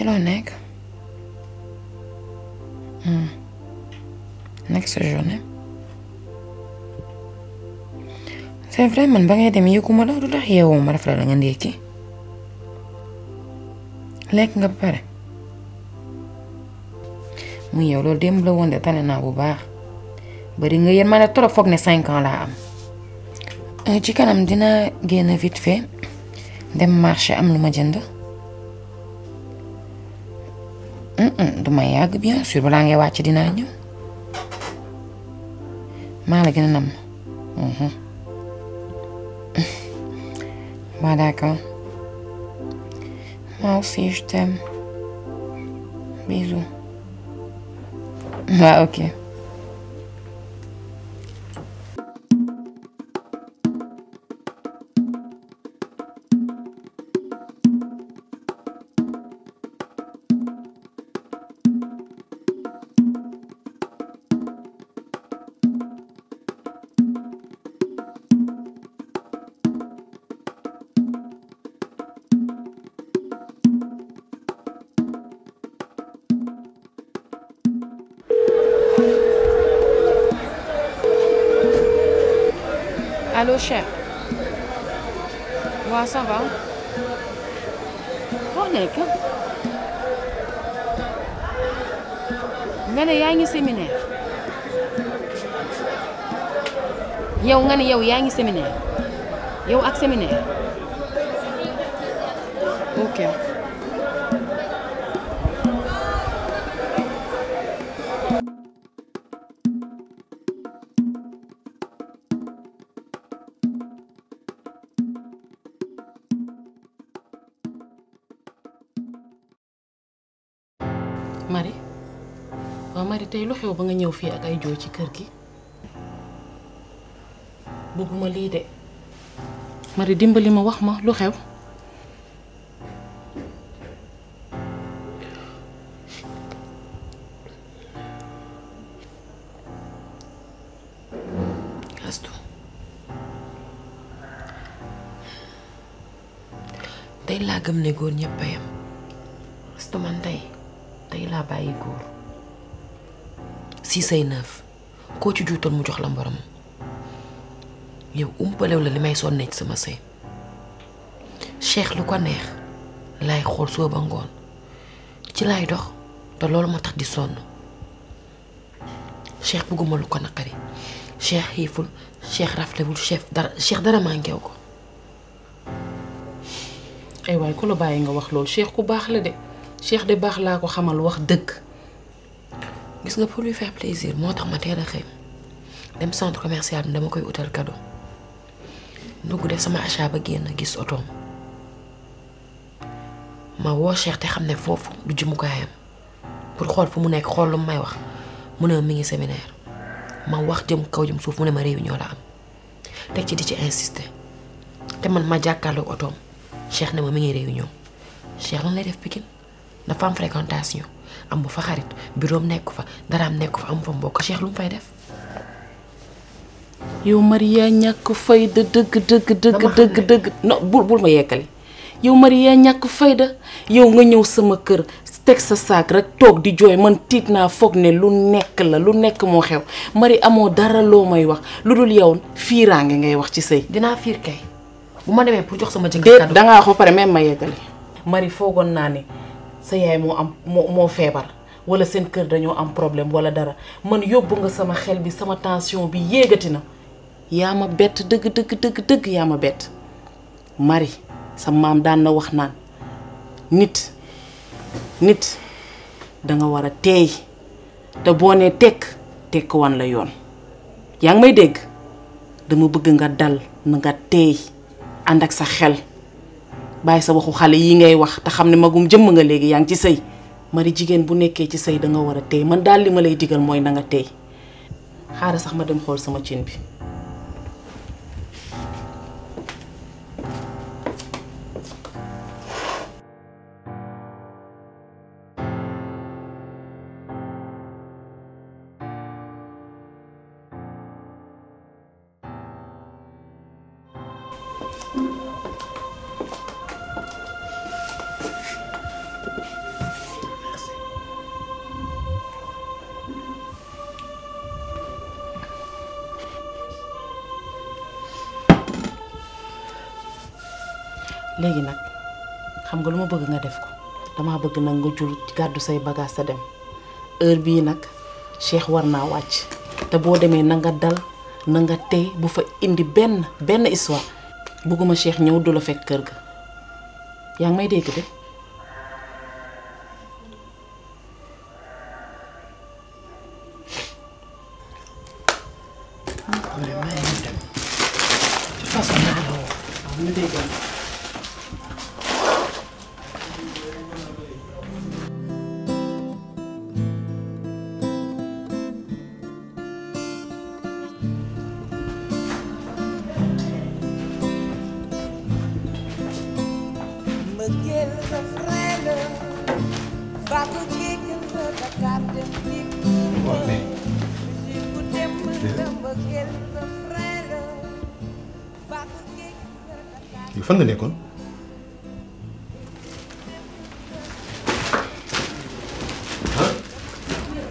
ci nekk hmm. nekk sa journée vrai man ba ngay dem yëguma la du tax yeewoo ma rafetlu nga ndékki lekk nga ba pare mu yow loolu démb la woon de tane naa bu baax bari nga yéen ma ne foog ne cinq la am am euh, ci kanam dina génn vite fait dem marché am lu ma jënd Mm, duma bien sûr balaa ngay wàcc dinaa ñëw la gën nam mm-hmm. d'accord moi aussi je t'aime bisous Ah ok Allô, chef. Ouais, ça va. Cornec. nga ne yaa ngi séminaire yow nga ne yow yaa ngi séminaire yow ak séminaire tey lu xew ba nga ñëw fii ak ay jooy ci kër gi bëgguma lii de Marie dimbali ma wax ma lu xew astu tey laa gëm ne góor man tey tey laa bàyyi góor six ay neuf koo ci juutoon mu jox la mborom yow umpalew la li may sonnee ci sama sëy Cheikh lu ko neex laay xool soo ba ngoon ci laay dox te loolu ma tax di sonn Cheikh bëgguma lu ko naqari Cheikh xiiful Cheikh raflewul Cheikh dara Cheikh dara manqué ko. ay waay ku la bàyyi nga wax loolu Cheikh ku baax la de Cheikh de baax laa ko xamal wax dëgg. gis nga pour lui faire plaisir moo tax ma teel a xëy dem centre commercial bi dama koy utal cadeau dugg def sama achat ba génn gis otoom ma woo Cheikh te xam ne foofu du jumukaayam pour xool fu mu nekk xool lu may wax mu ne mi ngi séminaire ma wax jëm kaw jëm suuf mu ne ma réunion la am teg ci di ci insister te man ma jàkkaarloo otoom Cheikh ne ma mi ngi réunion Cheikh lan lay def Pikine dafa am fréquentation amu fa xarit biroom nekku fa daraam nekku fa am fa mbokk Cheikh lu mu fay def. yow Maria ñàkk fayda dëgg dëgg dëgg dëgg dëgg non bul ma yekkali yow Maria ñàkk fayda yow nga ñëw sama kër teg sa saak rek toog di jooy man tiit naa foog ne lu nekk la lu nekk moo xew mari amoo dara loo may wax lu dul yow fiiraange ngay wax ci sëy dinaa fiir kay bu ma demee pour jox sama jëkkër da ngaa wax ba pare même ma yekkali mari foogoon sa yaay moo am moo feebar wala seen kër dañoo am problème wala dara man yóbbu nga sama xel bi sama tension bi yéegati na yaa ma bett dëgg dëgg dëgg yaa ma bett mari sa maam daan wax naan nit nit danga war a teey te boo nee tekk tekk wan la yoon yaa ngi may dégg dama bëgg nga dal na nga teey ànd ak sa xel bàyyi sa waxu xale yi ngay wax te xam ne magum jëmm nga léegi yaa ngi ci sëy mari jigéen bu nekkee ci sëy da nga war a téy man daal li ma lay digal mooy na nga téy xaaral sax ma dem xool sama cin bi légui nak, xam nga luma bëgg nga def ko dama bëgg nag nga jul gàddu say bagage sa dem heure bi nak Cheikh warna wacc te boo na nga dal na nga té bu fa indi ben ben histoire bëgguma Cheikh ñëw du la fekk kër ga yaa may dégg de yow fan nga nekkoon.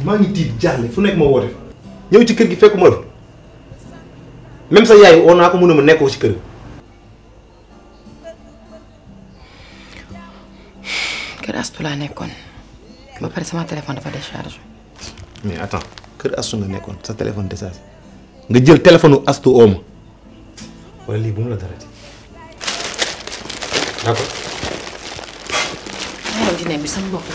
maa ngi tiit jaaxle fu nekk ma woote. ñëw ci kër gi fekkuma la même sa yaay woo naa ko mën a ma nekkoo ci kër gi. kër Astu laa nekkoon. ba pare sama téléphone dafa déchargé. mais attends kër Astou nga nekkoon sa téléphone déchargé nga jël téléphone astu Astou oom. lii bu mu la dara di d'accord. maa ngi bi sama bopp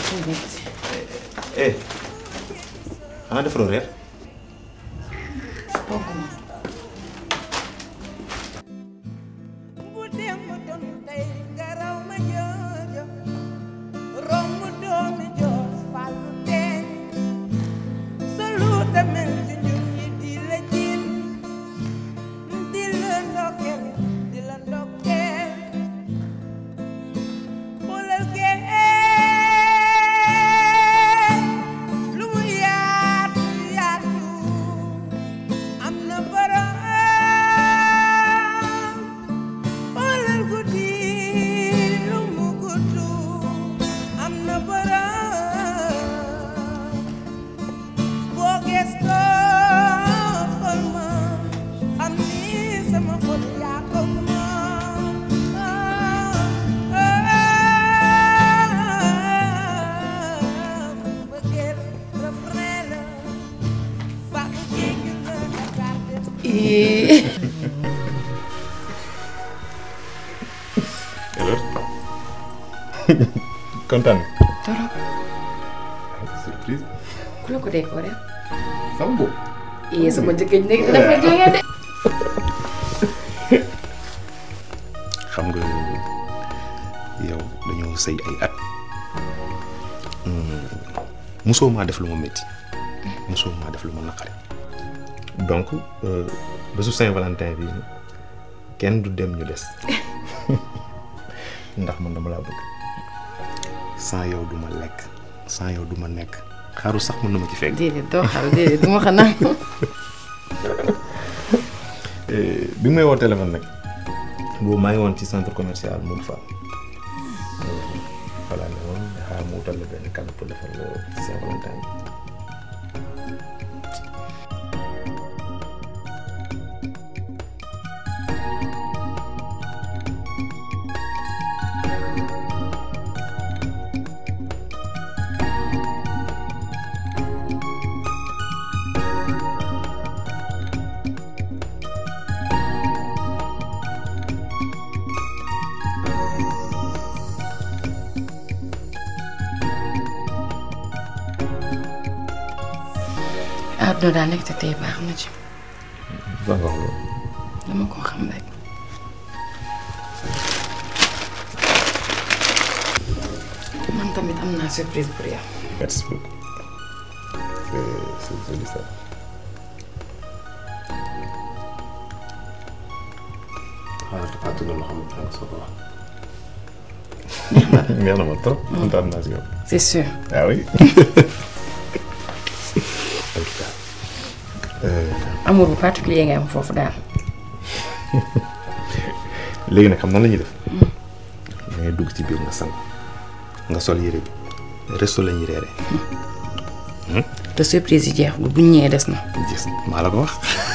kontaan torop surprise ku la ko décoré sambo yee sama jëkkër ji nekk dafa jege de xam nga yow dañoo sëy ay at musoo hmm, maa def lu ma métti musoo maa def lu ma naqari donc euh, bésu Saint-Valentin bi kenn du dem ñu des ndax man dama laa bëgg sans yow du ma lekk sans yow du ma nekk xaru sax mën na ma ci fekk. déedéet doo xaru déedéet du ma xanaa. Eh, bi may woo téléphone nag boobu maa ngi woon ci centre commercial Moul Fall. voilà eh, ne moom xaar mu wutal la benn canne pour defal la Saint-Valentin àdduna daal nekk te tey baax na ci. baax na loolu. dama ko xam rek. man tamit am naa surprise pour yow. merci beaucoup. c'est joli ça. xaaral dafa tudd loo xamante ne soo ko wax. neex na ma trop kontaan naa si yow. amour bu particulier nga am foofu daal. léegi nag xam nan la def. Mm. da dugg ci biir nga sang nga sol yére bi resto la ñuy reere. Mm. Hmm? te surprise yi jeexul bu ñëwee des na. gis maa la ko wax.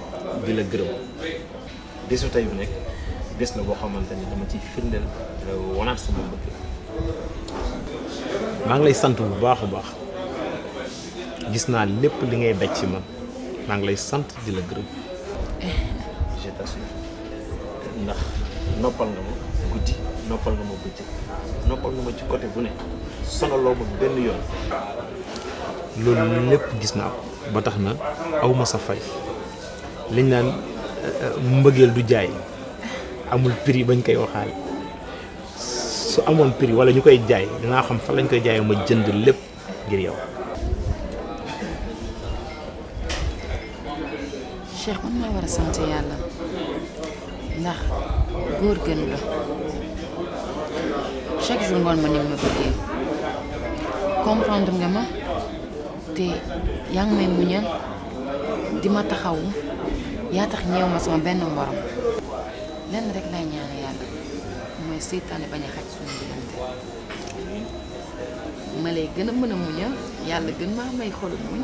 di la gërëm bésu tey bi nekk bés na boo xamante ni dama ci firndeel euh, wanaat sama mbëkk maa ngi lay sant bu baax a baax gis naa lépp li ngay daj ci man maa ngi lay sant di la gërëm je ndax noppal nga ma guddi noppal nga ma guddi noppal nga ma ci côté bu ne sonaloo ma benn yoon loolu lépp gis naa ko ba tax na awma sa fay liñ naan euh, mbëggeel du jaay amul prix bañ koy waxaale su amoon piri wala ñu koy jaay dinaa xam fan lañ koy jaay ma jënd lépp ngir yow. Cheikh man maa war a sant yàlla jour ngoon ma ni ma bëggee comprendre nga ma te yaa ngi may muñal di ma taxawu. yaa tax ñëw ma sama benn morom lenn rek lay ñaan yàlla mooy seytaane bañ a xaj suñu diggante ma lay gën a mën a ya, muñal yàlla gën maa may xol muñ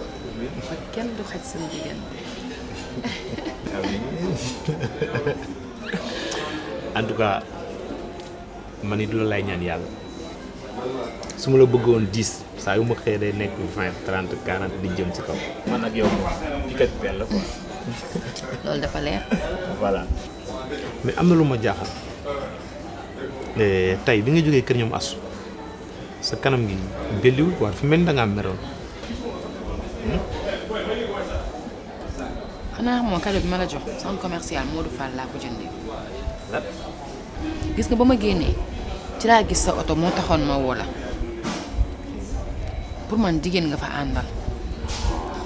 ba kenn du xaj suñu diggante en tout cas man it loolu lay ñaan yàlla su ma la bëggoon 10 saa yu ma xëyee day nekk 20 30 40 di jëm ci kaw man ak yow moom kat pelle quoi loolu dafa leer. voilà mais lu ma jaaxal bi nga jógee kër asu sa kanam gi belliwul quoi dafa mel da ngaa meroon. xanaa xamoo cadeau bi ma jox commercial Modou Fall ko gis nga ba ma ci gis sa oto moo taxoon ma woo pour man nga fa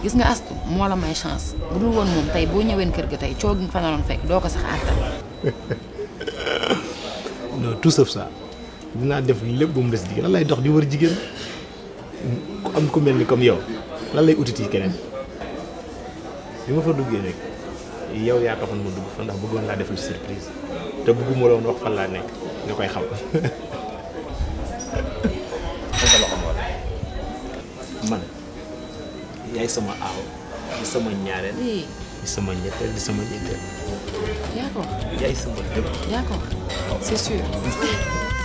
gis nga astu moo la may chance bu dul woon moom tey boo ñëween kër ga tey coow gi fa naroon fekk doo ko sax àttal. non tout sauf ça dinaa def lépp bu mu des jigéen lan lay dox di wër jigéen ku am ku mel ni comme yow lan lay utiti keneen bi ma fa duggee rek yow yaa taxoon ma dugg fa ndax bëggoon laa defal surprise te bëgguma woon wax fan laa nekk nga koy xam. sama aaw di sama ñaareel di sama ñetteel di sama ñetteel yaa ko yaay sama lépp yaa ko c'est sûr